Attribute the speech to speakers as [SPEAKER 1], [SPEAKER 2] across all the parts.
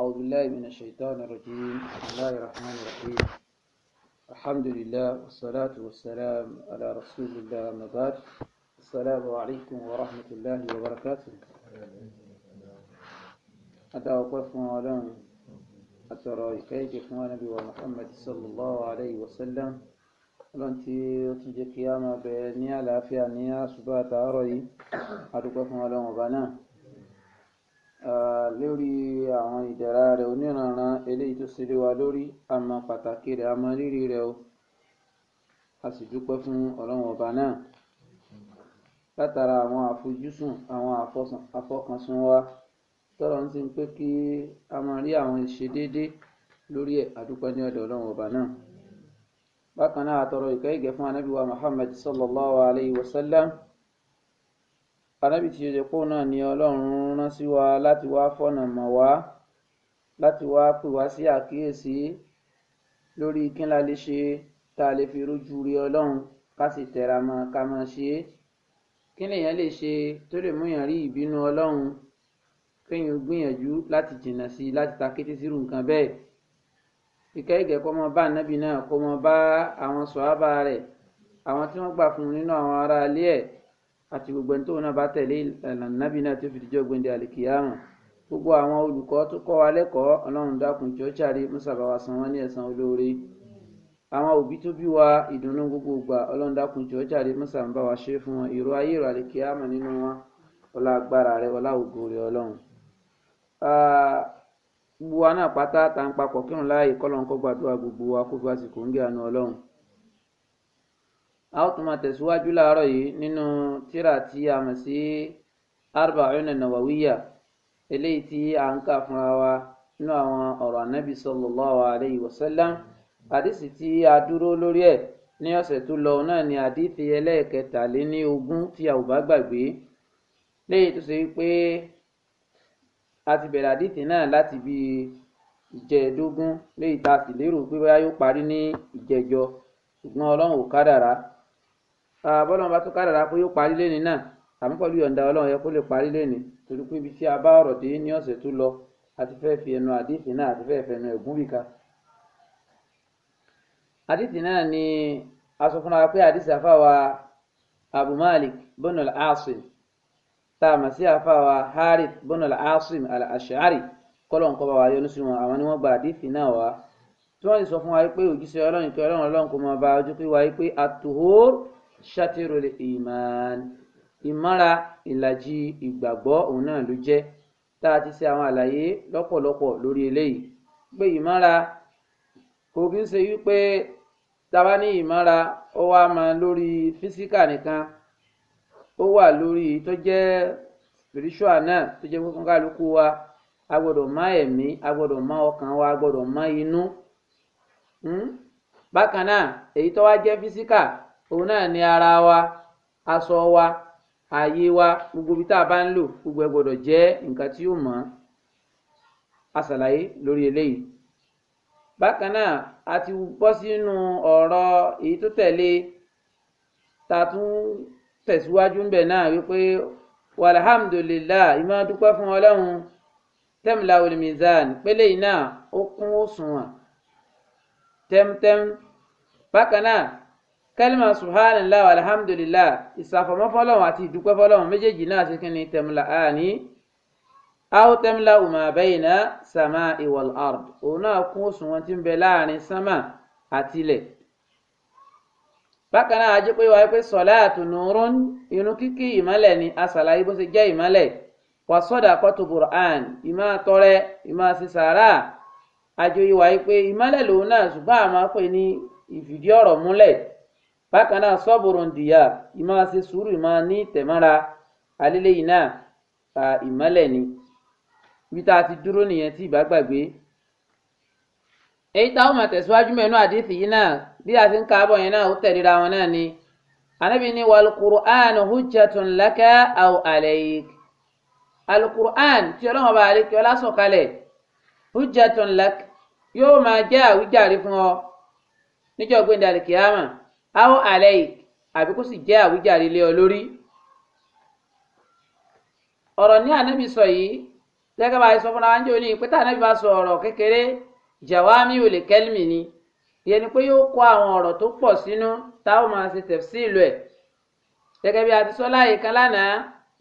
[SPEAKER 1] أعوذ بالله من الشيطان الرجيم بسم الله الرحمن الرحيم الحمد لله والصلاة والسلام على رسول الله أما بعد السلام عليكم ورحمة الله وبركاته أتوقف معلم أترى إكيك إخوان نبي محمد صلى الله عليه وسلم ọlọ́run tí ó tún jẹ́ kí á máa bẹ ní àlàáfíà ní àṣùbà lórí àwọn ìdẹ̀ra rẹ̀ oníranran eléyìí tó ṣe lé wa lórí àmọ́ pàtàkì rẹ̀ àmọ́ rírì rẹ̀ o a sì dúpẹ́ fún ọlọ́run ọba náà látara àwọn àfojúsùn àwọn àfọkànsùn wa tọ́lọ́ ń ti pé kí a máa rí àwọn ìṣedéédé lórí ẹ̀ àdúpẹ́ ní ọ̀dọ̀ ọlọ́run ọba náà bákan náà àtọrọ ìkẹ́ fún anábìwá Muhammad sallallahu alayhi wa sallam arábì tí ó jẹ pé òun náà ni ọlọ́run rán sí wa láti wá fọ̀nà mọ̀ wá láti wá pè wá sí àkíyèsí lórí kí la lè ṣe tá a lè fi rójú rí ọlọ́run ká sì tẹra mọ́ ká máa ṣe é kí lèèyàn lè ṣe tó lè mú èèyàn rí ìbínú ọlọ́run kéèyàn gbìyànjú láti jìnnà sí i láti ta kété sírù nǹkan bẹ́ẹ̀ ìkẹ́ ìgẹ̀ mọ bá ànábì náà kó mọ bá àwọn sọ̀hábà rẹ̀ àwọn tí wọ́n gbà fún un nínú àwọn ará ẹ̀ àti gbogbo ẹni tó náà bá tẹ̀lé ìlànà nábì náà tó fi dijọ́ gbẹ̀ndé àlìkìyàmọ̀ gbogbo àwọn olùkọ́ tó kọ́ wa lẹ́kọ̀ọ́ ọlọ́run dákun jọ jàre mọ́sàbà wa san wọ́n ní ẹ̀san olóore àwọn òbí tó bí wa ìdùnnú gbogbo ìgbà ọlọ́run dákun jọ jàre mọ́sàbà wa ṣe fún wọn ìró ayé ìró àlìkìyàmọ̀ nínú wọn ọlá agbára rẹ ọlá ògo rẹ ọlọ́run gbogbo wa náà pátá tá à ń papọ̀ kírun láàyè kọ́lọ́n a ó tún máa tẹ̀síwájú láàárọ̀ yìí nínú tírà tí a mọ̀ sí arba'una nawawiya eléyìí tí a ń kà fúnra wa nínú àwọn ọ̀rọ̀ ànábì sallallahu alayhi wa sallam àdìsí tí a dúró lórí ẹ̀ ní ọ̀sẹ̀ tó lọ náà ni àdìsí ẹlẹ́ẹ̀kẹtàléníogún tí a ò bá gbàgbé léyìí tó ṣe pé a ti bẹ̀rẹ̀ àdìsí náà láti bí ìjẹ́ẹ̀dógún léyìí tá a sì lérò pé bóyá yóò parí ní ìjẹjọ ṣùgbọ́n ọlọ́run ò kádàrá Ah, bọ́lá wọn bá tún kádàrá pé yóò parí lẹ́ni náà àmọ́ pẹ̀lú ìyọ̀ǹda ọlọ́run yẹ kó lè parí lẹ́ni torí pé ibi tí a bá ọ̀rọ̀ dé ní ọ̀sẹ̀ tó lọ àti fẹ́ fi ẹnu àdìsí náà àti fẹ́ fẹnu ẹ̀gún bìkà. àdìsí náà ni a sọ fún wa pé àdìsí àfàwà Abu Malik bọ́nà al-Asim tá a mọ̀ sí àfàwà Harith bọ́nà al-Asim al-Ash'ari kọ́lọ̀ ń kọ́ bá wa yọ́nú sí wọn àwọn ni wọ́n gba àdìsí náà wá tí wọ́n sì sọ fún wa pé òjíṣẹ́ ọlọ́run kí ọlọ́run ọlọ́run kò mọ̀ bá ojú pé ṣàtìrọlẹ ìmàn ìmọ̀ra ìlàjì ìgbàgbọ́ òun náà ló jẹ́ tá a ti ṣe àwọn àlàyé lọ́pọ̀lọpọ̀ lórí eléyìí pé ìmọ̀ra kò kí ń ṣe wípé taba ní ìmọ̀ra ó wá máa lórí físíkà nìkan ó wà lórí tó jẹ́ spiritual náà tó jẹ́ fún kálukú wa a gbọ́dọ̀ má ẹ̀mí a gbọ́dọ̀ má ọkàn wa a gbọ́dọ̀ má inú hmm? bákan náà èyí tó wá jẹ́ físíkà òun náà ni ara wa aṣọ wa ààyè wa gbogbo ibi tá a bá ń lò gbogbo ẹ gbọ́dọ̀ jẹ́ nǹkan tí yóò mọ́ àṣàlàyé lórí eléyìí bákan náà a ti bọ́ sínú ọ̀rọ̀ èyí tó tẹ̀lé ta tún tẹ̀síwájú ńbẹ̀ náà wípé walhamdulilayi ìmọ̀ dúpẹ́ fún ọlọ́run tẹ́mìlá olùmìzán pélé yìí náà ó kún òṣùwọ̀n tẹ́mtẹ́m bákan náà kẹ́límà subhanallah alhamdulillah ìsàfọ̀mọ́ fọlọ́run àti ìdúpẹ́ fọlọ́run méjèèjì náà ti kíni tẹ̀mùlà àní aw tẹ́mílà uma bayna sama'i wal ard òun náà kún òṣùwọ̀n tí ń bẹ láàrin sánmà àtilẹ̀ bákan náà ajẹ́ pé wáyé pé sọ̀láàtù nùrún irun kíkí ìmọ́lẹ̀ ni asàlàyé bó ṣe jẹ́ ìmọ́lẹ̀ wàsọ́dà kọ́tù burhan ìmọ̀ àtọ́rẹ́ ìmọ̀ àṣìṣàrà àjòyè wáyé pé ìmọ́lẹ̀ lòun náà ṣùgbọ́n àmọ́ pé bákan náà sọ́bùrù ndìyà ìmọ̀ ṣe sùúrù ìmọ̀ ní tẹ̀mọ́ra alẹ́lẹ́yìn náà fa ìmọ́lẹ̀ ni ibi tá a ti dúró nìyẹn tí ìbá gbàgbé. èyí táwọn máa tẹ̀síwájú mẹ́nu àdìsí yìí náà bí a ti ń kaabọ̀ yẹn náà ó tẹ̀lera wọn náà ni. anábì ní wal hujjatun laka aw alayk. al tí ọlọ́wọ́n bá alẹ́ kí ọlá sọ̀kalẹ̀ hujjatun laka yóò máa jẹ́ àwíjàre fún ọ níjọ́ gbẹ̀ndàlì kìámà aw alaik àbí kó sì jẹ àwíjàre lé ọ lórí ọ̀rọ̀ ní ànábì sọ yìí gẹ́gẹ́ bá a sọ fúnra wa ń jẹ òní pé tá ànábì bá sọ ọ̀rọ̀ kékeré jawami olè kẹlmi ni ìyẹn ni pé yóò kó àwọn ọ̀rọ̀ tó pọ̀ sínú táwọn máa ṣe tẹfsíìlù ẹ gẹ́gẹ́ bí a ti sọ láàyè kan lánàá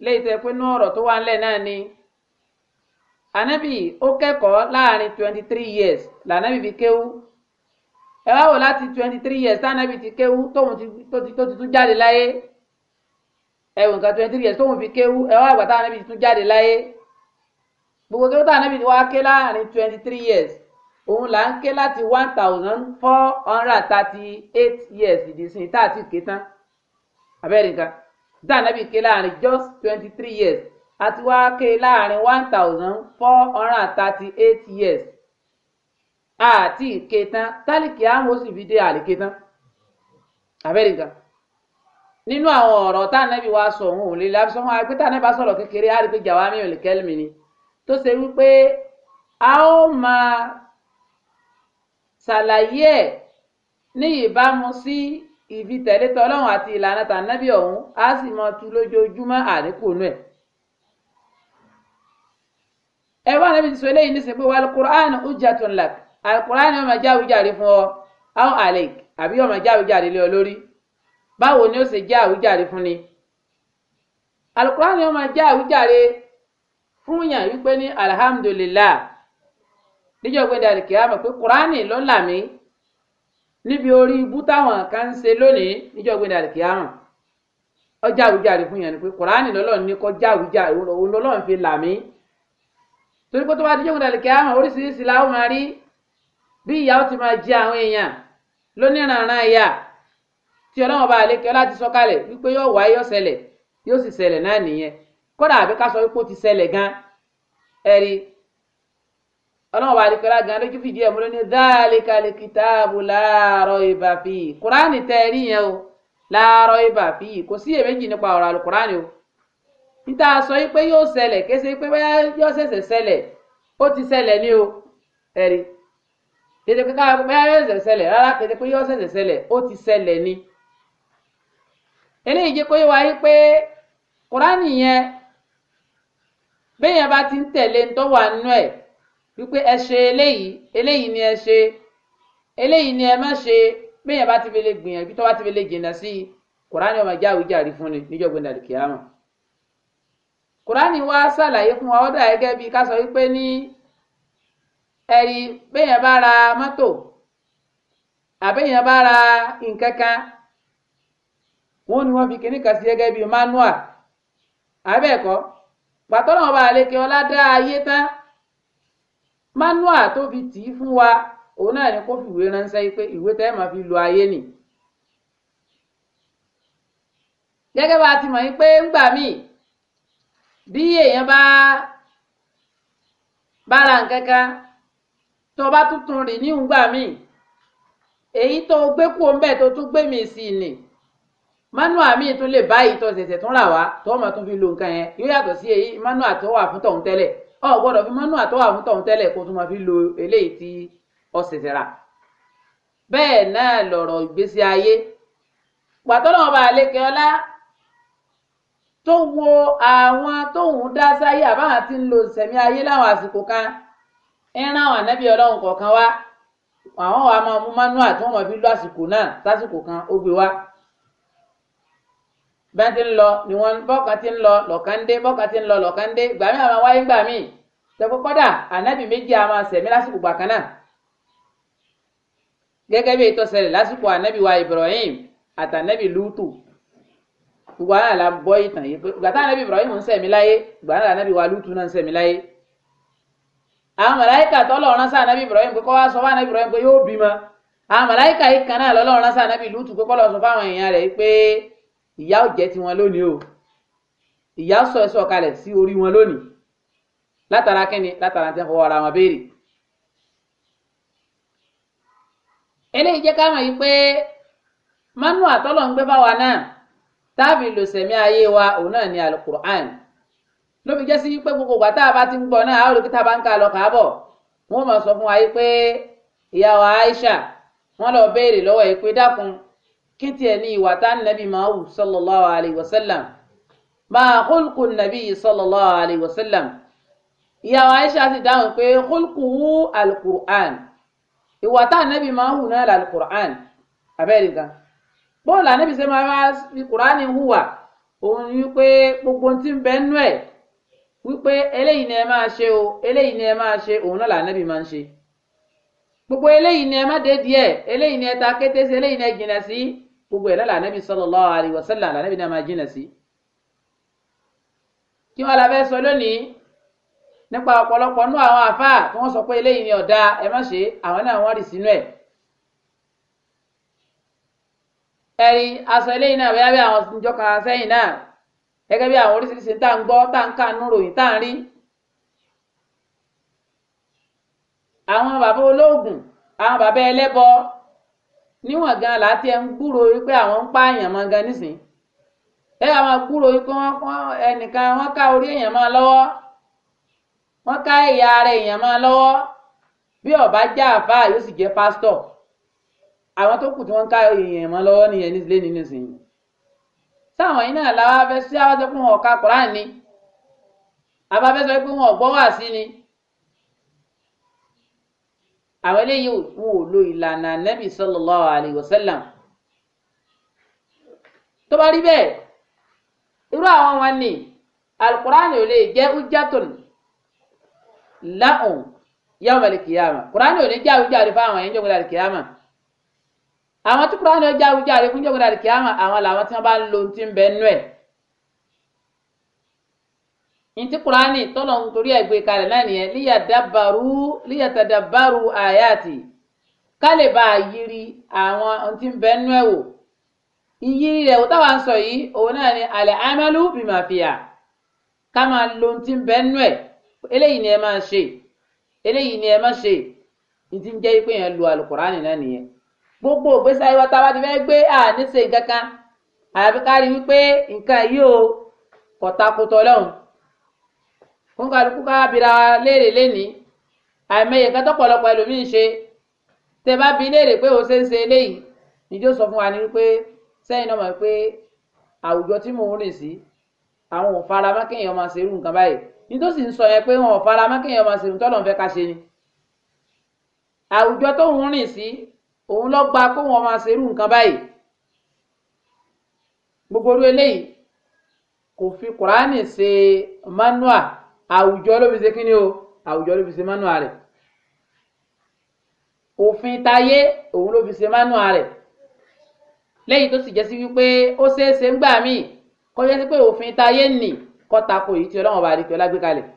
[SPEAKER 1] léyìí tẹ pé inú ọ̀rọ̀ tó wà ńlẹ̀ náà ni ànábì ó kẹ́kọ̀ọ́ láàrin twenty three years lànábì fi kéwú ẹ wá wò láti twenty three years tánàbì ti kéwú tóun ti tó ti tún jáde láyé ẹ wò nǹkan twenty three years tóun fi kéwú ẹ wá àgbà tánàbì ti tún jáde láyé gbogbo kéwú tánàbì ti wá ké láàrin twenty three years òun là ń ké láti one thousand four hundred thirty eight years ìdísìn tá a ti ké tán abẹ́rẹ́ nǹkan tánàbì ké láàrin just twenty three years àti wá ké láàrin one thousand four hundred thirty eight years àti ìké tán tálíkì àwọn oṣù fi dé àlèké tán abẹ́rẹ́ gan nínú àwọn ọ̀rọ̀ tá ànábì wa sọ òun ò lè lábí sọ́mọ́ àpé tá ànábì wa sọ̀rọ̀ kékeré á rí pé jàwá mi ò lè kẹ́lìmì ni tó ṣe wípé a ó máa ṣàlàyé ẹ̀ ní ìbámu sí ìfitẹ̀lé tọlọ́run àti ìlànà tànábì ọ̀hún á sì máa tu lójoojúmọ́ àdínkù nù ẹ̀ ẹ wá ànábì ti sọ eléyìí ní sèpé wàlúkúránù ujjatun lak alukurani ọmọ jáwé jáde fún ọ àwọn alek àbí ọmọ jáwé jáde lé ọ lórí báwo ni ó ṣe jẹ́ àwíjàre fún ni alukurani ọmọ jẹ́ àwíjàre fún yàn wípé ní alhamdulillah níjọ́ pé dàríkì àmọ́ pé kurani ló là mí níbi orí ibú táwọn kan ń ṣe lónìí níjọ́ pé dàríkì àmọ́ ọjà àwíjàre fún yàn ni pé kurani lọ́lọ́run ní kọjá àwíjàre òun lọ́lọ́run fi là mí torí pé tó bá díjọ́ pé dàríkì oríṣiríṣi làwọn máa rí bí ìyá ti máa jẹ àwọn èèyàn lóníranran ìyá tí ọlọ́run ọba àlékẹ́ láti sọ wípé yóò wáyé yóò yóò sì ṣẹlẹ̀ náà nìyẹn kódà àbí ká sọ wípé ó ti ṣẹlẹ̀ gan ẹ̀rí ọlọ́run láti gan lójú fìdí ẹ̀ mú fi yẹn o fi kò sí èméjì nípa ọ̀rọ̀ o níta sọ wípé yóò ṣẹlẹ̀ kése yóò ṣẹ̀ṣẹ̀ ṣẹlẹ̀ ó ti ṣẹlẹ̀ ní o kéde pé káwọn bóyá yóò ṣẹ̀ṣẹ̀ ṣẹlẹ̀ rárá kéde pé yóò ṣẹ̀ṣẹ̀ ṣẹlẹ̀ ó ti ṣẹlẹ̀ ni eléyìí jẹ́ kó yé wa yí pé kúránì yẹn béèyàn bá ti ń tẹ̀lé ń tó wà nínú ẹ̀ wípé ẹ ṣe eléyìí eléyìí ni ẹ ṣe eléyìí ni ẹ má ṣe béèyàn bá ti fi lè gbìyànjú tó bá ti fi lè jìnnà sí i kúránì ọmọ ìjà àwíjàre fún ni níjọ́ gbẹ̀dà lè kíá mọ̀ kúránì wa ṣàlàyé fún wa ó dà bíi ká sọ wípé ní ẹ̀rí béèyàn bá ra mọ́tò àbẹ́yàn bá ra wọn ni wọn ní wọ́n fi kinní gẹ́gẹ́ bíi manual àbẹ́ẹ̀kọ́ pàtọ́nà ayé tán manua tó fi tì fún wa òun náà ni kó ránṣẹ́ pé ìwé tẹ́ máa fi lo ayé nì. gẹ́gẹ́ bá a ti mọ̀ yín tó bá tuntun rìn ní ìgbà míì èyí tó gbé kú ọmọbẹ tó tún gbé mi sí i nì manua míì tún lè báyìí tó ṣẹ̀ṣẹ̀ tún rà wá tó máa tún fi lo nǹkan yẹn yóò yàtọ̀ sí èyí manua tó wà fún tọ̀hún tẹ́lẹ̀ o gbọ́dọ̀ fi manua tó wà fún tọ̀hún tẹ́lẹ̀ kó tún máa fi lo eléyìí tí ó ṣẹ̀ṣẹ̀ rà bẹ́ẹ̀ náà lọ̀rọ̀ ìgbésí ayé pàtó náà bá ọlá tó wo àwọn tóun dá sáyé àbáhàn ti ń lo ìsẹ̀mí ayé láwọn àsìkò kan ń rán àwọn ànábì ọlọ́run kọ̀ọ̀kan wá àwọn wa máa mú manual tí wọ́n máa fi lọ àsìkò náà sásìkò kan ó gbé wá bí ti ń lọ ni wọ́n bọ́ọ̀kan ti ń lọ lọ́ọ̀kan ń dé bọ́ọ̀kan ti ń lọ lọ́ọ̀kan ń dé ìgbà míì àwọn wáyé gbà míì tẹ́kọ̀ kọ́dà ànábì méjì a máa lásìkò gbà kan náà gẹ́gẹ́ bí ètò ṣẹlẹ̀ lásìkò ànábì wa Ibrahim àtànábì Lútù gbogbo àwọn àlà bọ́ ìtàn yìí gbàtà ànábì Ibrahim ń sẹ̀mí láyé gbàtà ànábì wa Lútù náà ń sẹ̀mí láyé àwọn màláìkà tọ́lọ̀ rán sáà nábì Ibrahim pé kọ́ wá sọ fún ànábì Ibrahim pé yóò bímọ àwọn màláìkà yìí kan náà lọ́lọ́run rán sáà nábì Lútù pé kọ́lọ́ sọ fáwọn èèyàn rẹ̀ pé ìyà ò jẹ́ tiwọn lónìí o ìyà sọ ẹ̀sọ́ kalẹ̀ sí orí wọn lónìí látara kínni látara tí wọ́n fọwọ́ ara wọn béèrè. eléyìí jẹ́ ká mọ̀ yìí pé manu àtọ́lọ̀ ń gbé bá wa náà táàbì lòsẹ̀mí ayé wa òun náà ni alukur'an ló fi jẹ́ sí pé gbogbo ìgbà tá a bá ti ń gbọ́ náà àwọn olùkíta bá ń kà lọ kà á bọ̀ wọ́n máa sọ fún wa yìí pé ìyàwó Aisha wọ́n lọ béèrè lọ́wọ́ yìí pé dákun kí tiẹ̀ ní ìwà tá nàbì máa wù sallallahu alayhi wa sallam máa hulku nàbì sallallahu alayhi wa sallam ìyàwó Aisha ti dáhùn pé hulku wú alukur'an ìwà tá nàbì máa wù náà làlukur'an abẹ́rẹ́ gan bọ́ọ̀lù ànábì sẹ́ máa wá fi hùwà òun ni pé gbogbo ti ń bẹ́ẹ̀ nú ẹ̀ wípé eléyìí ni ẹ máa ṣe o eléyìí ni ẹ máa ṣe òun náà lànàbì máa ń ṣe gbogbo eléyìí ni ẹ má dé díẹ̀ eléyìí ni ẹ ta kété sí eléyìí ni ẹ jìnà sí gbogbo ẹ lọ́la ànábì sallallahu alaihi wasallam ànábì náà máa jìnà sí. kí wọn la fẹ́ sọ lónìí nípa ọ̀pọ̀lọpọ̀ nú àwọn àfáà tí wọ́n sọ pé eléyìí ni ọ̀dà ẹ má ṣe àwọn náà wọ́n rì sínú ẹ̀. ẹ̀rí aṣọ eléyìí náà bẹ́ẹ̀ bí àwọn ìjọ gẹ́gẹ́ bí àwọn oríṣiríṣi tá à ń gbọ́ tá à ń kànú ròyìn tá à ń rí àwọn bàbá olóògùn àwọn bàbá ẹlẹ́bọ níwọ̀n gan láti ẹ̀ ń gbúròó wípé àwọn ń pààyàn mọ́ gan nísìn ẹ àwọn gbúròó wípé wọ́n ẹnìkan wọ́n ká orí èèyàn mọ́ lọ́wọ́ wọ́n ká ẹ̀yà ara èèyàn mọ́ lọ́wọ́ bí ọba já àfáà yóò sì jẹ́ pásítọ̀ àwọn tó kù tí wọ́n ká èèyàn mọ́ lọ́wọ́ nìyẹn nílé nínú ìsìn yìí táwọn yìí náà làwọn afẹ́ sí àwọn tó kún wọn ọ̀ka koran ni àbáfẹ́ sọ pé wọn ò gbọ́ wà sí ni àwọn eléyìí wọn ò lo ìlànà nẹ́bì sallallahu alaihi wasallam tó bá rí bẹ́ẹ̀ irú àwọn wọn ni alukurani ò lè jẹ́ ujatun lahum yawm al kurani ò ní jẹ́ àwùjáde fáwọn ẹ̀yìn jọ́gbọ́n al àwọn tí kúránì ọjà àwùjọ àríkún jọgbọdà àdìkí àmà àwọn làwọn tí wọn bá ń lo ti ń bẹ nú ẹ ntí kúránì tọlọ ń torí ẹgbẹ e kalẹ̀ náà nìyẹn liyadabaru liyatadabaru ayati bá a yiri àwọn ntí ń bẹ nú ẹ wò iyiri rẹ wò táwa sọ yìí òun náà ni alẹ amalu bimafiya ká máa lo ntí ń bẹ nú ẹ eléyìí ni ẹ máa ṣe eléyìí ni ẹ máa ṣe ntí gbogbo ògbésí ayé wa tá a bá ti fẹ́ gbé àní ṣe nǹkan kan àyàfi ká rí i wípé nǹkan yìí ò kọ̀takùtọ̀ ọlọ́run fún kálukú ká bira léèrè lénìí àìmọye nǹkan tọ́pọ̀lọpọ̀ ẹlòmíín ṣe tẹ bá bi léèrè pé o ṣe ń ṣe eléyìí níjó sọ fún wa ni wípé sẹ́yìn náà mọ̀ pé àwùjọ tí mò ń rìn sí àwọn ò fara mọ́ kéèyàn máa ṣerú nǹkan báyìí nítòsí ń sọ yẹn pé wọn ò fara mọ́ kéèyàn máa ṣerú tọ́lọ̀ ń fẹ́ ká ṣe ni àwùjọ tó ń rìn sí òun lọ gba kó wọn máa ṣerú nǹkan báyìí gbogbo orí eléyìí kò fi kùránì ṣe manua àwùjọ ló fi ṣe kíni o àwùjọ ló fi ṣe manua rẹ̀ òfin tayé òun ló fi ṣe manua rẹ̀ lẹ́yìn tó sì jẹ́ sí wípé ó ṣeé ṣe ń gbà míì kó jẹ́ sí pé òfin tayé nì kó tako èyí tí ọlọ́run bá rí pé ọlágbé kalẹ̀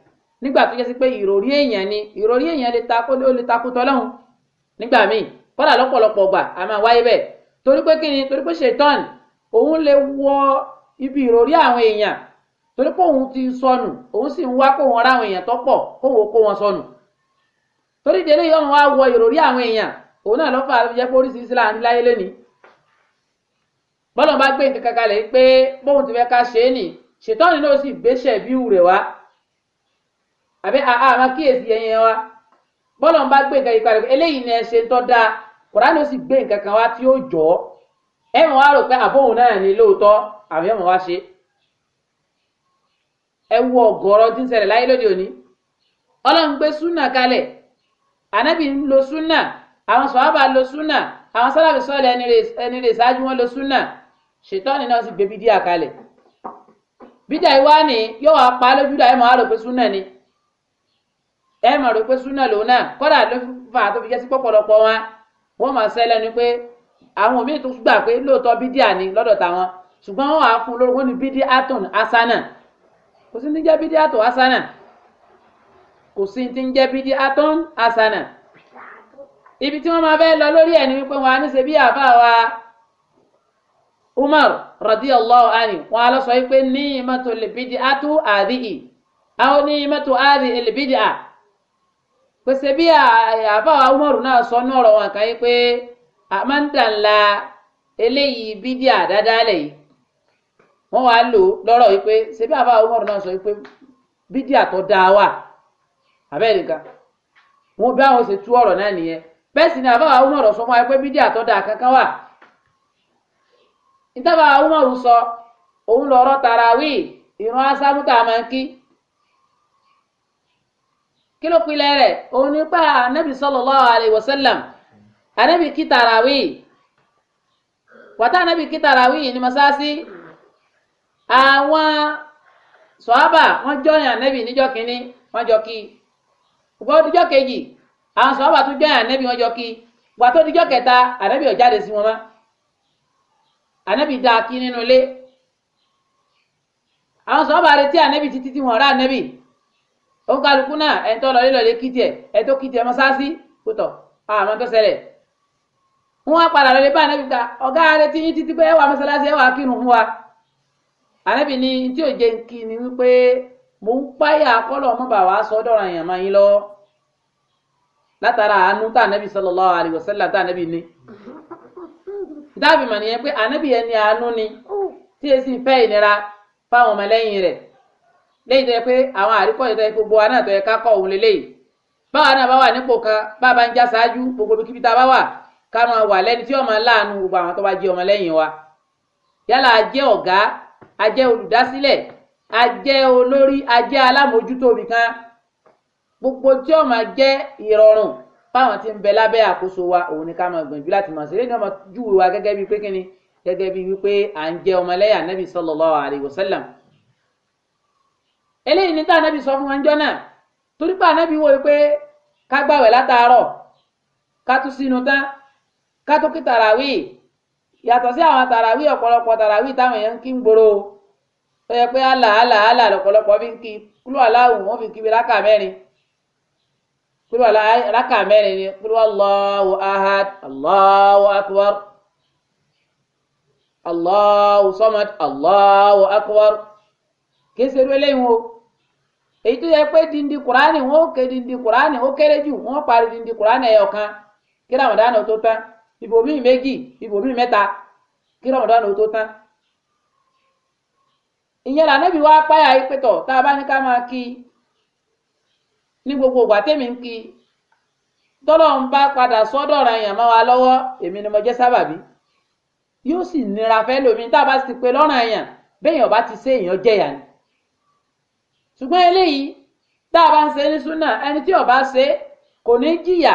[SPEAKER 1] nígbà tó jẹ́ sí pé ìròrí èèyàn ni ìròrí èèyàn lè ta kó lè ta tọ́lọ́run nígbà míì kódà lọ́pọ̀lọpọ̀ gbà a máa wáyé bẹ́ẹ̀ torí pé kíni torí pé ṣetán òun lè wọ ibi ìròrí àwọn èèyàn torí pé òun ti sọnù òun sì ń wá kó wọn ráwọn èèyàn tó pọ̀ kó wọn kó wọn sọnù torí délé yọ̀hún wá wọ ìròrí àwọn èèyàn òun náà lọ́fà jẹ́ pé oríṣiríṣi láàrin láyé lẹ́ni bọ́lọ̀ bá gbé nǹkan kankan lè pé bóun ti fẹ́ ká ṣe é nì ṣetán ni náà sì gbéṣẹ́ bíu rẹ̀ wá àbí àá kíyèsí ẹyẹ wa. bọ́lá ń bá gbé nǹkan yìí kalẹ̀ eléyìí ni ẹ ṣe ń tọ́ da kùránì ó sì gbé nǹkan kan wá tí ó jọ ẹ mọ̀ wá rò pé àbóhùn náà ni lóòótọ́ àbí ọmọ mọ̀ wá ṣe ẹ wo ọ̀gọ̀rọ̀ tí ń ṣẹlẹ̀ láyé lóde òní ọlọ́run gbé súnà kalẹ̀ ànábì ń lo súnà àwọn sọ̀hábà lo súnà àwọn sálàbì sọ̀lẹ̀ ẹni rè ṣáájú wọn lo súnà ṣètọ́ni náà sì gbé bídíà kalẹ̀ bídíà yìí wá ní yóò wá pa lójú ẹ mọ̀ wá rò pé súnà ni. ẹ mà rò pé súnà lòun náà kódà ló fà tó fi jẹ́ sí pọ̀pọ̀lọpọ̀ wọn wọ́n máa sẹ́ lẹ́nu pé àwọn míì tó gbà pé lóòótọ́ bídíà ni lọ́dọ̀ tàwọn ṣùgbọ́n wọ́n á fún lórúkọ ní bídí atún asana kò sí ní jẹ́ bídí atún asana kò sí ti ń jẹ́ bídí atún asana ibi tí wọ́n máa fẹ́ lọ lórí ẹ̀ wípé wọn á ní ṣe bí àbá wa Umar radiyallahu anhu wọn á lọ sọ wípé ní ìmọ̀tò lè bídí atún àdìyí àwọn ní ìmọ̀tò àdìyí lè bídí à pèsè bí àbáwá umaru náà sọ ní ọ̀rọ̀ wọn kan yìí pé amanda ńlá eléyìí bídíà dáadáa lẹ̀ yìí wọ́n wá lò lọ́rọ̀ yìí pé ṣebí àbáwá umaru náà sọ yìí pé bídíà tó dáa wà abẹ́rẹ́ nǹkan wọn bí àwọn ṣe tú ọ̀rọ̀ náà nìyẹn bẹ́ẹ̀ sì ni àbáwá umaru sọ fún wa pé bídíà tó dáa kankan wà ìtàbáwá umaru sọ òun lọ́rọ̀ tàràwí ìran asámútà máa ń kí kí ló pilẹ̀ rẹ̀ òun nípa anabi sallallahu alayhi wa sallam anabi kí tàràwí wàtá anabi kí tàràwí ní masáàsì àwọn sọ́ábà wọ́n jọyàn anabi níjọ́ kínní wọ́n jọ kí gbọ́dọ̀ níjọ́ kejì àwọn sọ́ábà tún jọyàn anabi wọ́n jọ kí gbàtó níjọ́ kẹta anabi ò jáde sí wọn mọ́ anabi dáa kí nínú ilé àwọn sọ́ábà retí anabi títí tí wọ́n anabi ó kálukú náà ẹ tó lọlé lọlé kí tiẹ̀ ẹ tó kí tiẹ̀ mọ́sáàsì kótó àmọ́ tó ṣẹlẹ̀ wọn á padà lọlé bá ànábì ká ọ̀gá rẹ ti yín títí pé ẹ wà mọ́sálásí ẹ wà kírun fún wa ànábì ni tí ò jẹ́ kí ni wípé mò ń páyà kọ́lọ̀ ọmọ bà wá sọ dọ̀rọ̀ máa yín lọ látara àánú tá ànábì sallallahu alaihi wasallam tá ànábì ní dábìmọ̀ nìyẹn pé ànábì ẹni àánú ni tí èsì fẹ́ ìnira fáwọn ọmọlẹ́yìn rẹ̀ lẹ́yìn tó yẹ pé àwọn àríkọ́ṣe tó yẹ gbogbo wa náà tó yẹ ká kọ́ òun báwa náà bá wà nípò kan báwa ń já ṣáájú gbogbo ibi kíbi tá a bá wà ká máa wà lẹ́ni tí ọmọ láàánú gbogbo àwọn tó bá ọmọ lẹ́yìn wa yálà a ọ̀gá a olùdásílẹ̀ a olórí kan gbogbo tí ọmọ jẹ́ ìrọ̀rùn fáwọn tí ń bẹ lábẹ́ àkóso wa òun ni ká máa gbìyànjú láti máa ṣeré ní ọmọ júwe wa gẹ́gẹ́ bíi pé kíni gẹ́gẹ́ bíi wípé à ń jẹ́ nẹ́bí eléyìí ní tànàbí sọ fún wọn jọ náà torí pé ànábì wòye pé ká gbàwẹ̀ látàárọ̀ ká tún sínú tán ká tún kí tàràwí yàtọ̀ sí àwọn tàràwí ọ̀pọ̀lọpọ̀ tàràwí táwọn èèyàn ń kí ń gbòòrò ó yẹ pé àlà àlà àlà lọ́pọ̀lọpọ̀ fi ń kí kúlù aláwù wọn fi kíbi rákà mẹ́rin kúlù rákà mẹ́rin ni kúlù Allahu ahad Allahu akbar Allahu samad Allahu akbar. kéṣerú eléyìí o èyí tó yẹ pé dindi kùránì wọn ò ké dindi kùránì ó kéré jù wọn ò dindi kùránì kan tó tán ibòmíì méjì ibòmíì mẹ́ta kí ramadan tó tán ìyẹn lànàbí wa páyà ìpẹtọ tá a bá ní ká máa kí ní gbogbo ń kí ń bá padà sọ́dọ̀ ra èèyàn pe èèyàn bá ti èèyàn jẹ̀yà ni ṣùgbọ́n eléyìí tá a bá ń ṣe ní súnà ẹni tí ó bá ṣe kò ní jìyà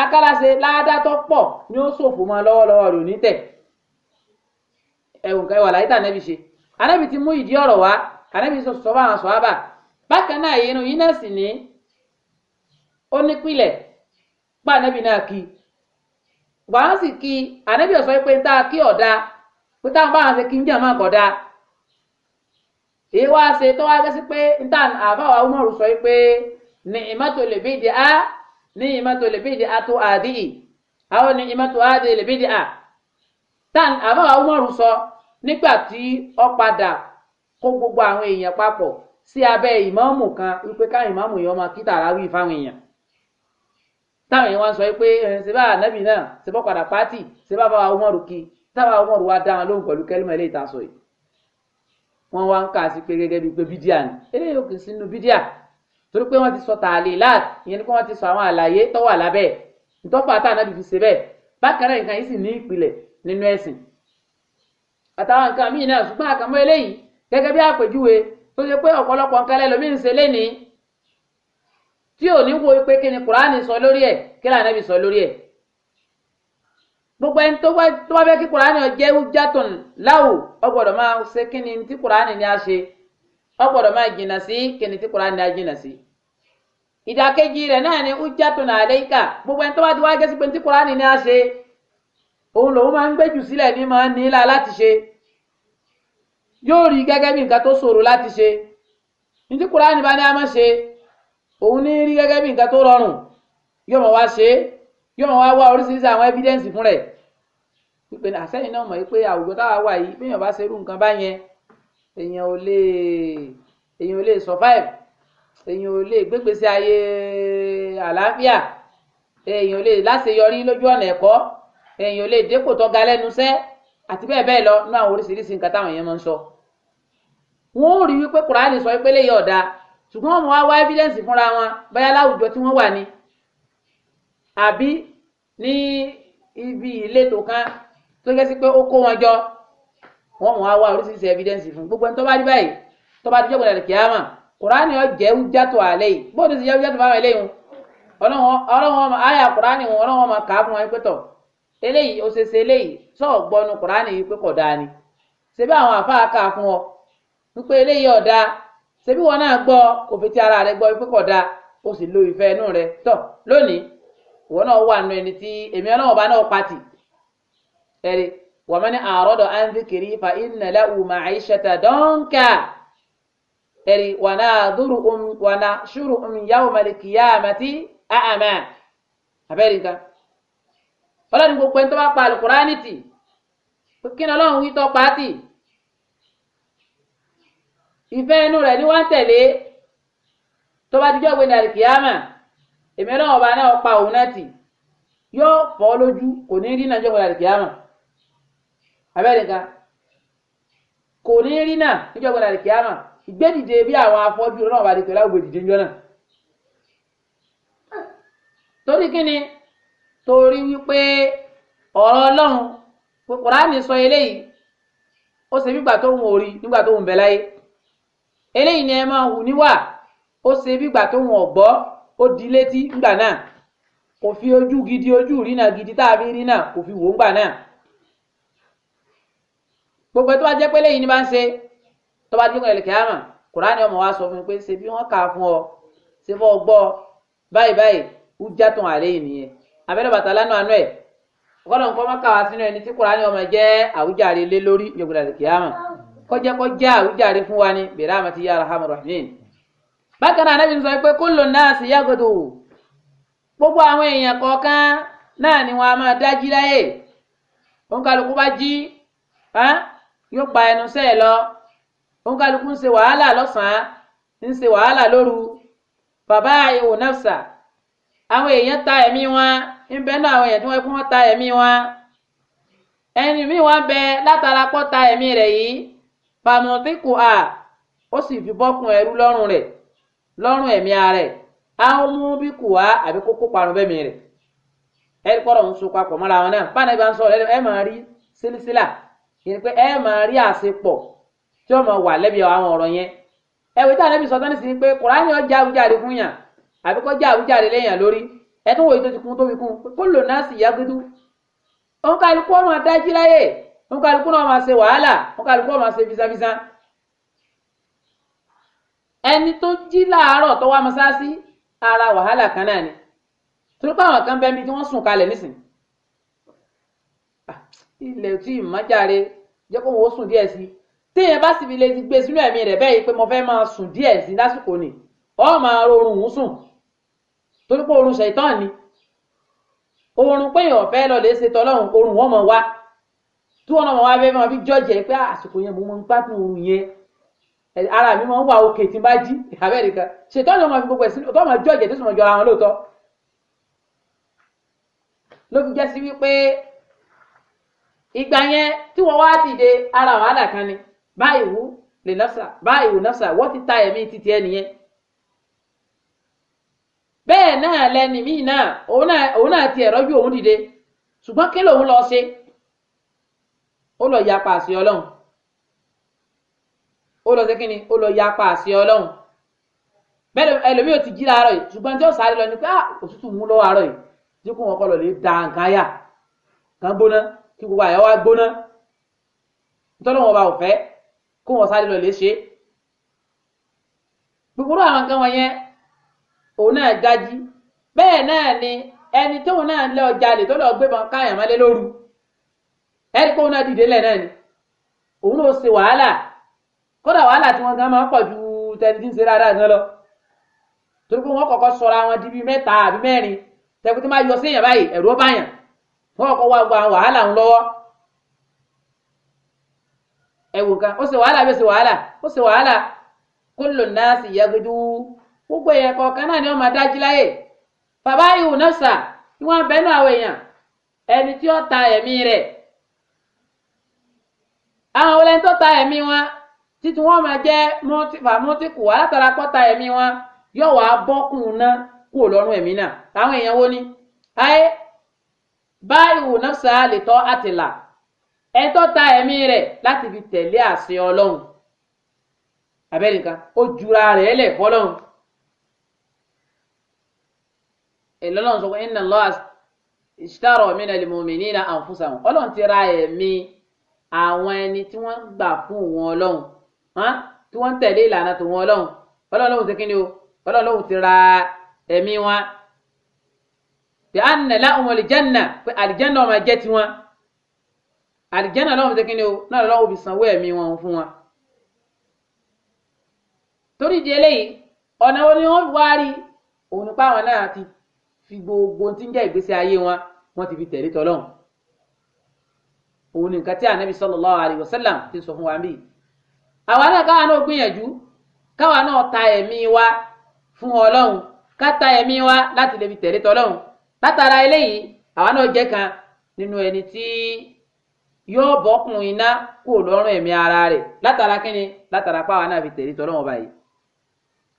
[SPEAKER 1] akálàṣe ládàtọ̀ pọ̀ ni ó ṣòfò mọ́ lọ́wọ́lọ́wọ́ rẹ̀ ní tẹ̀ ẹ̀wùn kẹwàá láyé tà nẹ́bi ṣe ti mú ìdí ọ̀rọ̀ wá sọ bákan náà yìí yìí náà sì ní pa náà kí wàá sì kí ọ̀sọ́ pé ń kí ọ̀dà èyí wá ṣe tó wá gẹ́sí pé níta àbáwá umaru sọ pé ní ìmọ́tò lè a ní ìmọ́tò lè a tó àdí àwọn ní a tan àbáwá umaru sọ nígbà tí padà kó gbogbo àwọn èèyàn papọ̀ sí abẹ́ ìmáàmù kan wípé ká ìmáàmù yẹn ọmọ kí tàràwí fáwọn èèyàn táwọn èèyàn sọ pé ṣèbá náà ṣèbá padà pátì ṣèbá bá wa umaru kí táwa umaru wa dáhùn lóhùn pẹ̀lú wọ́n wá ń kà sí pé gẹ́gẹ́ bíi pé bídíà ni eléyìí ò kì í sínú bídíà torí pé wọ́n ti sọ tààlè láàt ìyẹn ni pé wọ́n ti sọ àwọn àlàyé tó wà lábẹ́ ìtọ́fà àtàwọn àbí fi ṣe bẹ́ẹ̀ bákan náà nǹkan yìí sì ní ìpìlẹ̀ nínú ẹ̀sìn àtàwọn nǹkan míì náà ṣùgbọ́n àkànmọ́ eléyìí gẹ́gẹ́ bí àpèjúwe tó ṣe pé ọ̀pọ̀lọpọ̀ nǹkan lẹ́lòmíì ń ṣe lénìí tí ò ní wo pé kí ni Kùránì sọ lórí ẹ̀ kí lànà bí gbogbo ẹni tó bá fẹ́ kí kùránì ọjẹ́ hujjatun láwù ọgbọ́dọ̀ máa ṣe kí ni tí kùránì ni a ṣe ọgbọ́dọ̀ máa jìnnà sí kí ni tí kùránì ni a jìnnà sí. ìdàkejì rẹ̀ náà ni hujjatun alayka gbogbo ẹni tó bá ti wá gẹ́sí pé tí kùránì ni a ṣe òun lòun máa ń gbẹ́jù sílẹ̀ ní máa ń nílá láti ṣe yóò rí gẹ́gẹ́ bí nǹkan tó ṣòro láti ṣe ní tí kùránì bá ní a máa ṣe òun ní rí gẹ́gẹ́ bí nǹkan tó rọrùn yóò máa wá ṣe é yóò máa wá oríṣiríṣi àwọn evidence fún rẹ̀ pípẹ́ náà sẹ́yìn náà mọ̀ pé àwùjọ táwa wà yìí péèyàn bá ṣerú nǹkan báyẹn èèyàn ò lè èèyàn ò lè survive èèyàn ò lè gbégbèsè ayé àlàáfíà èèyàn ò lè láṣeyọrí lójú ọ̀nà ẹ̀kọ́ èèyàn ò lè dépò tó ga lẹ́nu iṣẹ́ àti bẹ́ẹ̀ bẹ́ẹ̀ lọ nínú àwọn oríṣiríṣi nǹkan táwọn èèyàn máa ń sọ. wọ́n ó rí wípé kùránì sọ ìpele yìí ṣùgbọ́n wọ́n wá wá evidence fúnra wọn báyá láwùjọ tí wọ́n wà ní àbí ní ibi ìletò kan tó gẹ́sí pé ó kó wọn jọ wọn mọ̀ á oríṣiríṣi evidence fún gbogbo ẹni tó bá rí báyìí tó bá ti jẹ́ gbọ́dọ̀ kí á mọ̀ kùránì ọ̀jẹ̀ jàtò àlẹ́ yìí bóòdù sì jẹ́ jàtò báwọn eléyìí ọlọ́wọ́n ọmọ àyà kùránì wọn ọlọ́wọ́n ọmọ kà á fún wọn pé tọ̀ eléyìí ó ṣe ṣe eléyìí sọ̀ọ́ gbọ́nu kùránì yìí pé kò dáa ni ṣebí àwọn àfáà kà á fún ọ wípé eléyìí ọ̀dà ṣebí wọn náà gbọ́ òfin ti ara rẹ gbọ́ wípé kò dáa ó sì lo ìfẹ́ inú rẹ tọ̀ lónìí ìwọ náà wà nù ẹni tí èmi ọlọ́wọ́ bá náà pati ẹ̀rí wọ́n mọ́ ní àárọ̀dọ̀ anzikiri fa inna lahu ma'ishata danka ẹ̀rí wa nahshuruhum yawmal qiyamati a'ma abẹ́rẹ́ nǹkan ọlọ́ni gbogbo ẹni tó bá pa alukurani tì kí ni ọlọ́run wí tọ́ pati ìfẹ́ inú rẹ̀ ni wọ́n tẹ̀lé tó bá dijọ́ gbé ní alikiyama. èmi náà ọba náà pa òun náà tì yóò fọ́ lójú kò ní rí náà jọ́gbọ́n àdìgbì àmọ̀ abẹ́rẹ́ kò ní rí náà níjọ́gbọ́n àdìgbì àmọ̀ ìgbẹ́dìde bí àwọn afọ́jú ọba àdìgbì láwùjọ ìdíje ńjọ́ náà torí kíni torí wípé ọ̀rọ̀ ọlọ́run sọ eléyìí ó ṣe bígbà tó ó di létí ńgbà náà kò fi ojú gidi ojú rínà gidi tá a fi rínà kò fi wò ó ńgbà náà gbogbo tó bá jẹ́ pé lẹ́yìn ni bá ń ṣe tó bá dín ẹlẹkẹ àmà kùránì ọmọ wa sọ fún mi pé ṣe bí wọn kà á fún ọ ṣe fọ gbọ́ báyìí báyìí ó já tán àlẹ yìí abẹ́rẹ́ bàtà lánàá àánú ẹ̀ ọ̀gọ́dọ̀ nǹkan má kà wá sínú ẹni tí kùránì ọmọ jẹ́ àwùjáre lé lórí yògbìnà ẹlẹkẹ àmà kọjá kọjá àwùjáre fún wa ni bẹ̀rẹ̀ àmà ti yára hàmù bákan náà anábì sọ pé kúlù náà sì yàgòdò gbogbo àwọn èèyàn kọ̀ọ̀kan náà ni wọn a máa dájí láyè òǹkàlùkù bá jí yóò pa ẹnu sẹ́ẹ̀ lọ òǹkàlùkù ń ṣe wàhálà lọ́sàn-án ń ṣe wàhálà lóru bàbá ìwò nafsa àwọn èèyàn ta ẹ̀mí wọn ń bẹ náà àwọn èèyàn tí wọ́n ta ẹ̀mí wọn ẹni mi wọn bẹ látara pọ́ ta ẹ̀mí rẹ̀ yìí fàmùtíkù à ó sì fi lọ́rùn ẹ̀mí ara ẹ̀ àwọn mú bí kù wá àbí kókó parun bẹ́ẹ̀ mi rẹ̀ ẹ̀rí kọ́rọ̀ ń so papọ̀ mọ́ra wọn náà báyìí bá ń sọ̀rọ̀ ẹ̀ máa rí sílísílà yẹn pé ẹ̀ máa rí àṣepọ̀ tí ó máa wà lẹ́bi àwọn ọ̀rọ̀ yẹn ẹ̀wẹ̀ tí àlẹ́bí sọ̀tán nìsín pé kùránì ọjà àwùjáde fún yàn àbí kọjá àwùjáde lẹ́yìn lórí ẹ̀ tó wòye tó ti kún tó fi kún kó lò náà sì yá gúdú òǹkàlùkù ọmọ adájí láyè òǹkàlùkù náà máa ṣe wàhálà òǹkàlùkù ọmọ máa ṣe fisafisa ẹni tó jí láàárọ̀ tó wá mọ́ṣáláṣí ara wàhálà kan náà ni torí pé àwọn kan bẹ́ẹ̀ bí tí wọ́n sùn kalẹ̀ nísìn ah, ilẹ̀ tí ìmọ̀járe jẹ́ kó wọ́n sùn díẹ̀ sí i téèyàn bá sì fi lè ti gbé sínú ẹ̀mí rẹ̀ bẹ́ẹ̀ pé mo fẹ́ máa sùn díẹ̀ sí i lásìkò ni ọ́ máa rorun òun sùn torí pé oorun ṣẹ̀tàn ni oorun pé èèyàn fẹ́ lọ lè ṣe tọ́lọ́run oorun wọn mọ̀ wá tí wọ́n náà mọ̀ wá fẹ́ máa fi jọ́jẹ́ pé ah, àsìkò yẹn mo máa ń gbádùn oorun yẹn ara mi máa ń wà òkè tí n bá jí abẹ́ nìkan ṣètò ọ̀nà máa fi gbogbo ẹ̀sìn tó máa jọ ìjẹ́ tó sì máa jọra wọn lóòótọ́ ló fi jẹ́ sí wípé ìgbà yẹn tí wọ́n wá dìde ara wàhálà kan ni báyìí wú lè nafsa báyìí wú nafsa wọ́n ti ta ẹ̀mí títí ẹ nìyẹn bẹ́ẹ̀ náà lẹ́ni míì náà òun náà ti ẹ̀rọ́jú òun dìde ṣùgbọ́n kí lòun lọ ṣe ó lọ yapa àṣẹ ọlọ́run ó lọ sí kínni ó lọ yapa àṣẹ ọlọ́run bẹ́ẹ̀ ẹlòmíì ò ti jí láàárọ̀ yìí ṣùgbọ́n tí ó sáré lọ ni pé ah, òtútù mú lọ́wọ́ àárọ̀ yìí tí kò wọn kọ́ lọ lè da nǹkan ayà kan gbóná kí gbogbo àyà wa gbóná nítorí wọn bá ò fẹ́ kó wọn sáré lọ lè ṣe gbogbo àwọn nǹkan wọn yẹn òun náà gají bẹ́ẹ̀ náà ni ẹni tóun náà lé ọjà lè tó lọ gbébọn káyàn mọ́lẹ́ lóru ẹni kóun náà dìde lẹ̀ náà ni òun náà ṣe wàhálà kódà wàhálà tí wọn gan máa ń pọ̀ ju tẹni tí ń ṣe dáadáa gan lọ torí pé wọn kọ́kọ́ sọra wọn di bíi mẹ́ta àbí mẹ́rin tẹkùn tí máa yọ séèyàn báyìí ẹ̀rù ó báyàn wọn kọ́kọ́ wá gba wàhálà ń lọ́wọ́ ẹwù kan ó ṣe wàhálà bí ó ṣe wàhálà ó ṣe wàhálà gbogbo ni wọn ta àwọn olè ta wọn títí wọ́n máa jẹ́ fàmútìkù wà látara pọ́ta ẹ̀mí wọn yóò wá bọ́kùn ná kúrò lọ́rùn ẹ̀mí náà àwọn èèyàn wo ni. ayé báyìí nafsa lè tọ́ àtìlà ẹ tó ta ẹ̀mí rẹ̀ láti fi tẹ̀lé àṣẹ ọlọ́run abẹ́nìkan ó jura rẹ̀ lẹ̀ fọlọ́run ìlọ́lọ́run sọ pé inna Allah ishtara mina al-mu'minina anfusahum ọlọ́run ti ra ẹ̀mí àwọn ẹni tí wọ́n gbà fún wọn ọlọ́run tí wọ́n ń tẹ̀lé ìlànà tòun ọlọ́run ọlọ́run lòun ti kí ni o ọlọ́run lòun ti ra ẹ̀mí wọn. bí a nà láwọn olùjẹ́nà pé àlìjẹ́nà ọmọ jẹ́ tiwọn àlìjẹ́nà lọ́wọ́ ti kí ni o náà lọ́wọ́ fi sanwó ẹ̀mí wọn fún wọn. torí di eléyìí ọ̀nà wo ni wọ́n wá rí òun nípa àwọn náà ti fi gbogbo tí ń jẹ́ ìgbésí ayé wọn wọ́n ti fi tẹ̀lé tọ́lọ́run òun ni nǹkan tí ànábì sallallahu alaihi wasallam ti sọ fún wa bíi àwa náà káwa náà gbìyànjú káwa náà ta ẹ̀mí wa fún ọlọ́run ká ta ẹ̀mí wa láti lè fi tẹ̀lé tọlọ́run látara eléyìí àwa náà jẹ́ kan nínú ẹni tí yóò bọ́kùn iná kó lọ́rùn ẹ̀mí ara rẹ̀ látara kínni látara pàwa náà fi tẹ̀lé tọlọ́run ọba yìí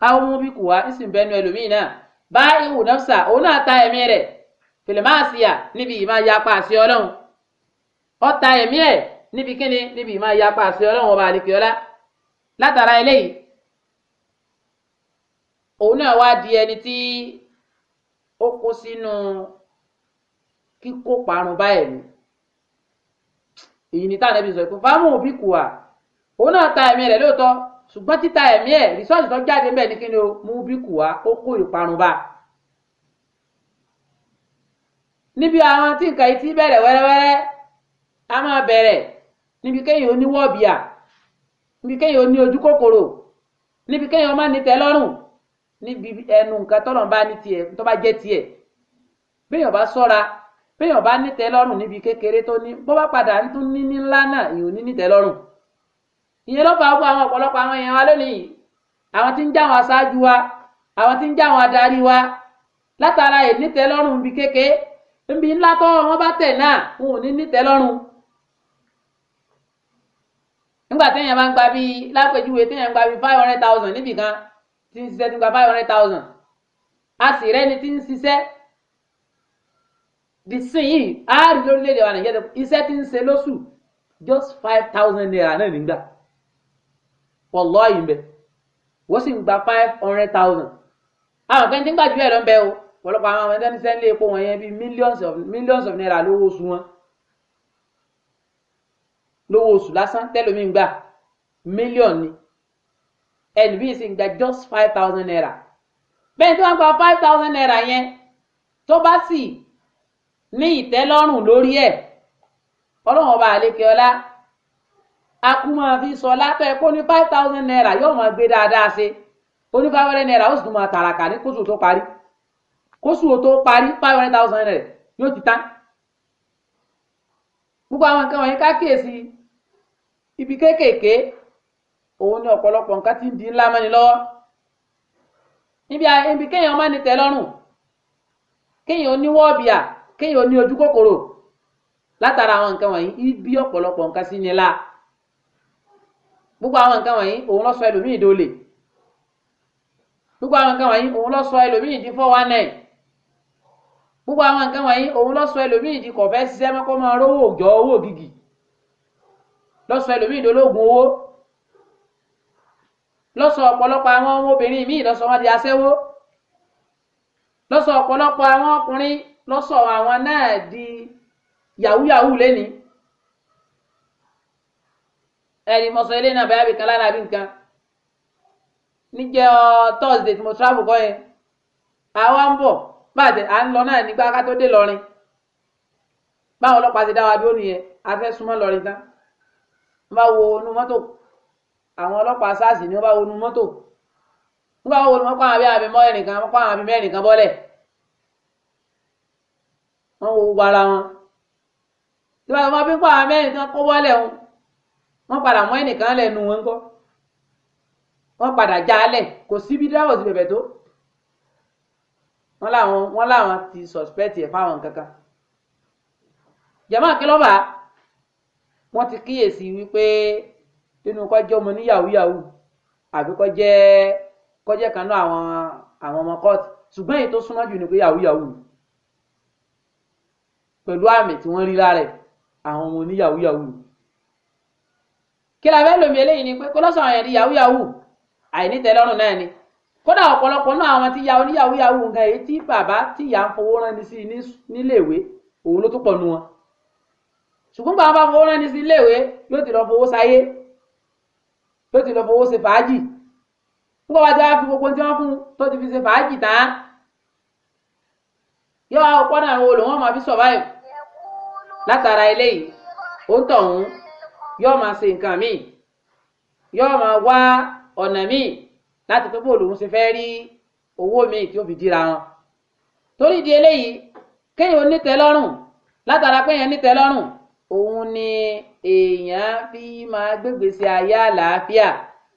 [SPEAKER 1] àwọn ọmọ bí kù wá ìsìn bẹnu ẹlòmíì náà bá ihò nafsa òun náà ta ẹ̀mí rẹ̀ fìlìmáàsìyà níbi ìmọ̀ yapa àṣẹ ọlọ́run ó ẹ̀mí ẹ̀ níbi kíni níbi ìmọ̀ yapa àṣẹ ọlọ́run ọba àlekèọlá látara eléyìí òun náà wá di ẹni tí ó kó sínú kíkó parun báyìí ni èyí ni táwọn ẹbí sọ pé fáwọn òbí kù à òun náà ta ẹ̀mí rẹ̀ lóòótọ́ ṣùgbọ́n títa ẹ̀mí ẹ̀ rìsọ́ọ̀tì tó jáde bẹ́ẹ̀ ni kí ni o mú bí kù wá ó kó ìparun bá. níbi àwọn tí nǹkan yìí ti bẹ̀rẹ̀ wẹ́rẹ́wẹ́rẹ́ a máa bẹ̀rẹ̀ níbi kéèyàn oníwọ́ọ̀bìà níbi kéèyàn ní ojú kòkòrò níbi kéèyàn má ní tẹ́lọ́rùn níbi ẹnu nǹkan tọ́lọ̀ bá ní tiẹ̀ tó bá jẹ́ tiẹ̀ béèyàn bá sọ́ra béèyàn bá ní tẹ́lọ́rùn níbi kékeré tó ní bó bá padà ń tún ní ní ńlá náà èèyàn ní ní tẹ́lọ́rùn ìyẹn ló fà á fún àwọn ọ̀pọ̀lọpọ̀ àwọn èèyàn wa lónìí àwọn tí ń já àwọn aṣáájú wa àwọn tí ń já àwọn adarí wa látara ìnítẹ́lọ́rùn níbi kékeré níbi ńlá tọ́wọ́ wọn bá tẹ̀ náà wọn ò ní nítẹ́lọ́rùn nígbà téèyàn bá ń gba bíi lápèjúwe téèyàn ń gba bíi five hundred thousand níbì kan tí ń ṣiṣẹ́ tí ń gba five hundred thousand a sì rẹ́ni tí ń ṣiṣẹ́ dìsìn yìí a rí lórílẹ̀‐èdè wa Nàìjíríà iṣẹ́ tí ń ṣe lóṣù just five thousand naira náà nígbà pọ̀lọ́ yìí bẹ̀ wọ́n sì ń gba five hundred thousand àwọn kan tí ń gbàjú ẹ̀ lọ́nbẹ̀ o pọ̀lọpọ̀ àwọn ọmọdé ní sẹ́ńlẹ̀ epo wọ̀nyẹn bíi millions of millions of naira lówó oṣù wọn lówó oṣù lásán tẹ́lómi ń gbà mílíọ̀nù ni ẹnì bíi sì gba just five thousand naira bẹ́ẹ̀ tí wọ́n gba five thousand naira yẹn tó bá sì ní ìtẹ́lọ́rùn lórí ẹ̀ ọlọ́run ọba àlekè ọlá akumaafi sọlá tó ẹ kó ní five thousand naira yóò máa gbé dáadáa ṣe ó ní five hundred naira ó sì tún máa tààràkà ní kóṣù tó parí kóṣù tó parí five hundred thousand naira yóò ti tán gbogbo àwọn nǹkan wọ̀nyí ká kíyèsí ibi kéékèèké òun ni ọ̀pọ̀lọpọ̀ nǹkan ti ń di ńlá mọ́ni lọ́wọ́ níbi ibi kéèyàn má ní tẹ́lọ́rùn kéèyàn oníwọ́ọ̀bìà kéèyàn oní ojú kòkòrò látara àwọn nǹkan wọ̀nyí ibi ọ̀pọ̀lọpọ̀ nǹkan sí ni la gbogbo àwọn nǹkan wọ̀nyí òun ló sọ ẹlòmíì dolè gbogbo àwọn nǹkan wọ̀nyí òun ló sọ ẹlòmíì di four one nine gbogbo àwọn nǹkan wọ̀nyí òun ló ẹlòmíì di kọ̀fẹ́ ṣiṣẹ́ mọ́kọ́ lọ́sọ̀ ẹlòmíì dológun owó lọ́sọ̀ ọ̀pọ̀lọpọ̀ àwọn ọmọbìnrin míì lọ́sọ̀ wọn di aṣẹ́wó lọ́sọ̀ ọ̀pọ̀lọpọ̀ àwọn ọkùnrin lọ́sọ̀ àwọn náà di yàwúyàwú lẹ́ni ẹni mọ̀sọ̀ ilé náà báyà bí kan lára bí nǹkan níjẹ́ tọ́sídẹ̀ẹ́ tí mo travel kọ́ yẹn àwa ń bọ̀ bàtẹ́ à ń lọ náà nígbà ká tó dé lọ́rin báwọn ọlọ́pàá ti dá wa dúró nìyẹn a fẹ́ súnmọ́ lọ́rin tán bá wo inú mọ́tò àwọn ọlọ́pàá sars ni wọ́n bá wo inú mọ́tò wọ́n bá wo inú mọ́pá àbí àbí mẹ́rin kan mọ́pá àbí mẹ́rin kan bọ́lẹ̀ wọ́n wo gbogbo ara wọn tí wọ́n bá fi ń pa àwọn mẹ́rin kan kó bọ́lẹ̀ wọn wọ́n padà mọ́ ẹnìkan lẹ́nu wọn kọ́ wọ́n padà já a lẹ̀ kò síbi dáwọ̀ sí bẹ̀bẹ̀ tó wọ́n láwọn wọ́n láwọn ti suspect ẹ̀ fáwọn kankan jẹ̀mọ́ kí ló bàá wọ́n ti kíyèsí wípé inú kọjá ọmọ ní yahoo yahoo àbí kọjá kọjá kan náà àwọn àwọn ọmọ court ṣùgbọ́n èyí tó súnmọ́ jù ni pé yahoo yahoo pẹ̀lú àmì tí wọ́n rí lára ẹ̀ àwọn ọmọ ní yahoo kí la fẹ́ lòmí eléyìí ni pé kó lọ́sàn àwọn ẹ̀rí yahoo yahoo àìnítẹ́lọ́rùn náà ni kódà ọ̀pọ̀lọpọ̀ náà àwọn tí ya oníyahoo yahoo nǹkan èyí tí bàbá tí ń fowó rán ni sí níléèwé òun ló tún pọ̀ nu wọn ṣùgbọ́n bá bá fowó ránni sí iléèwé yóò ti lọ fowó sáyé yóò ti lọ fowó ṣe fàájì nígbà wàá ti wá fi gbogbo tí wọ́n fún tó ti fi ṣe fàájì tán yóò wá pọ́n náà wọ́n lòun máa fi survive látara eléyìí ó ń tọ̀hún yóò máa ṣe nǹkan míì yóò máa wá ọ̀nà míì láti pé bó lòun ṣe fẹ́ rí owó míì tí ó fi díra wọn torí di eléyìí kéèyàn onítẹ̀lọ́rùn látara pé èèyàn onítẹ̀lọ́rùn òun ni èèyàn fi máa gbégbèsè ayé àlàáfíà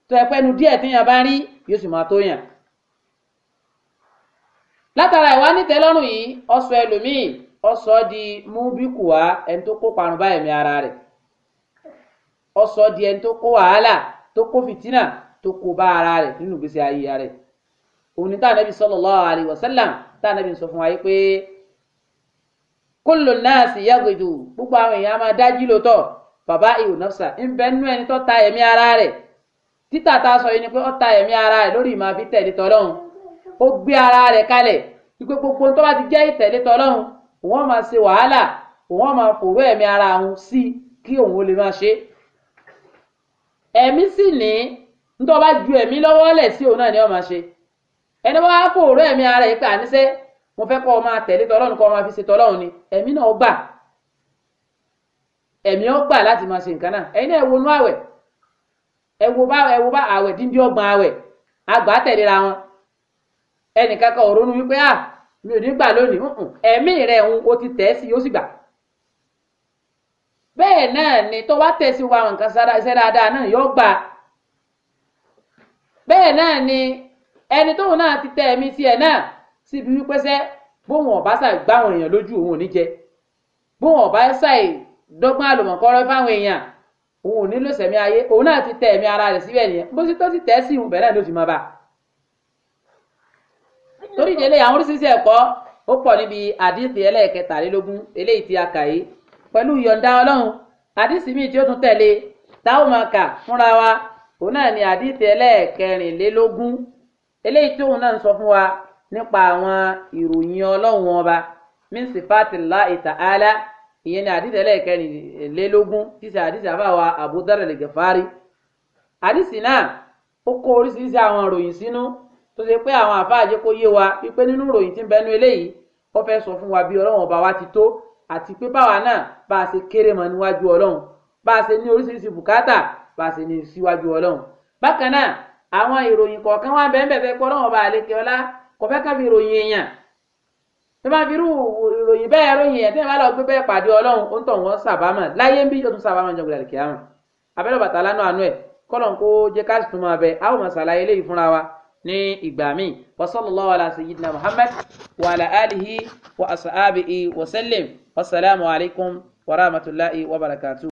[SPEAKER 1] tó ẹ pẹ́nu díẹ̀ téèyàn bá rí yóò sì máa tó yàn. látara ìwà yìí ọ̀sọ̀ ẹlòmíì ọ̀sọ̀ di múbíkùá ẹni tó kó parun bá ẹ̀mí ara rẹ̀ ọ̀sọ̀ di ẹni tó kó wàhálà tó kó fìtínà tó kó nínú ìgbésí ayé rẹ̀ òun ni táà kólò náà sì yàgòjò gbogbo àwọn èèyàn máa dájú lóòótọ́ bàbá ìwò nọfṣà ń bẹ nínú ẹni tó ta ẹ̀mí ara rẹ̀ títà tá a sọ yìí ni pé ó ta ẹ̀mí ara rẹ̀ lórí ìmọ̀ àfi tẹ̀lé tọ́lọ́hún ó gbé ara rẹ̀ kalẹ̀ wípé gbogbo tó bá ti jẹ́ ìtẹ̀lé tọ́lọ́hún òun máa ṣe wàhálà òun máa fòró ẹ̀mí ara òun sí kí òun ó lè máa ṣe ẹ̀mí sì ní nítorí bá ju ẹ̀mí lọ́wọ́ lẹ̀ sí òun náà ni ó máa ṣe ẹni bá fòró ẹ̀mí ara yìí pé àníṣe mo fẹ́ kọ́ ọ máa tẹ̀lé tọlọ́run kọ́ ọ máa fi ṣe tọlọ́run ni ẹ̀mí náà ó gbà ẹ̀mí ó gbà láti máa ṣe nǹkan náà ẹ̀yin náà ẹ wo inú àwẹ̀ ẹ wo bá wo bá àwẹ̀ díndín ọgbọ̀n àwẹ̀ àgbà wọn ẹnìkan kan ò ronú wípé à ah, mi ò ní gbà lónìí ẹ̀mí rẹ̀ ń o tẹ̀ sí sì gbà bẹ́ẹ̀ náà ni tó wá síbi wípé sẹ́ bóun ọ̀bá sàì gbá àwọn èèyàn lójú òun ò ní jẹ bóun ọ̀bá sàì dọ́gbọ́n àlùmọ̀kọ́rọ́ fáwọn èèyàn òun ò ní lò sẹ̀mí ayé òun náà ti tẹ ẹ̀mí ara rẹ̀ síbẹ̀ nìyẹn bó sì tó ti tẹ̀ sí ìhùn bẹ̀rẹ̀ ló fi máa bá torí ìdílé àwọn oríṣiríṣi ẹ̀kọ́ ó pọ̀ níbi àdìsí ẹlẹ́ẹ̀kẹtàlélógún eléyìí tí a kà yìí pẹ̀lú ìyọ̀ǹda ọlọ́run àdìsí míì tí ó tún tẹ̀lé táwọn máa kà fúnra wa òun náà ni àdìsí ẹlẹ́ẹ̀kẹrìnlélógún eléyìí tí òun náà ń sọ fún wa nípa àwọn ìròyìn ọlọ́run ọba min sifati Allahi ta'ala ìyẹn ní àdìsí ẹlẹ́ẹ̀kẹrìnlélógún tí sẹ àdìsí àfàwà Abu Dharr al-Ghifari àdìsí náà ó kó oríṣiríṣi àwọn ìròyìn sínú tó ṣe pé àwọn àfáàjẹ kó yé wa wípé nínú ìròyìn tí ń bẹnu eléyìí ó fẹ́ sọ fún wa bí ọlọ́run ọba wa ti tó àti pé báwa náà bá a ṣe kéré mọ́ níwájú ọlọ́run bá a ṣe ní oríṣiríṣi bùkátà bá a ṣe ní síwájú ọlọ́run bákan náà àwọn ìròyìn kọ̀ọ̀kan wá bẹ́ẹ̀ bẹ́ẹ̀ pé ọlọ́run ọba àlekè ọlá kò fẹ́ ká fi ròyìn èèyàn tó bá fi irú ìròyìn bẹ́ẹ̀ ròyìn èèyàn tẹ́lẹ̀ bá lọ gbé bẹ́ẹ̀ pàdé ọlọ́run ó ń tọ̀ wọ́n sàbámọ̀ láyé ń bí yóò tún sàbámọ̀ jọ gbẹ̀rẹ̀ kìámọ̀ abẹ́rẹ́ bàtà lánàá àánú ẹ̀ kọ́lọ̀n kó jẹ́ ká sì máa bẹ a ó máa ṣàlàyé fúnra wa ní ìgbà míì wa sallallahu ala sayyidina muhammad wa ala alihi wa ashabihi wa sallim wasalaamu alaykum wa rahmatulahi wa barakatuh.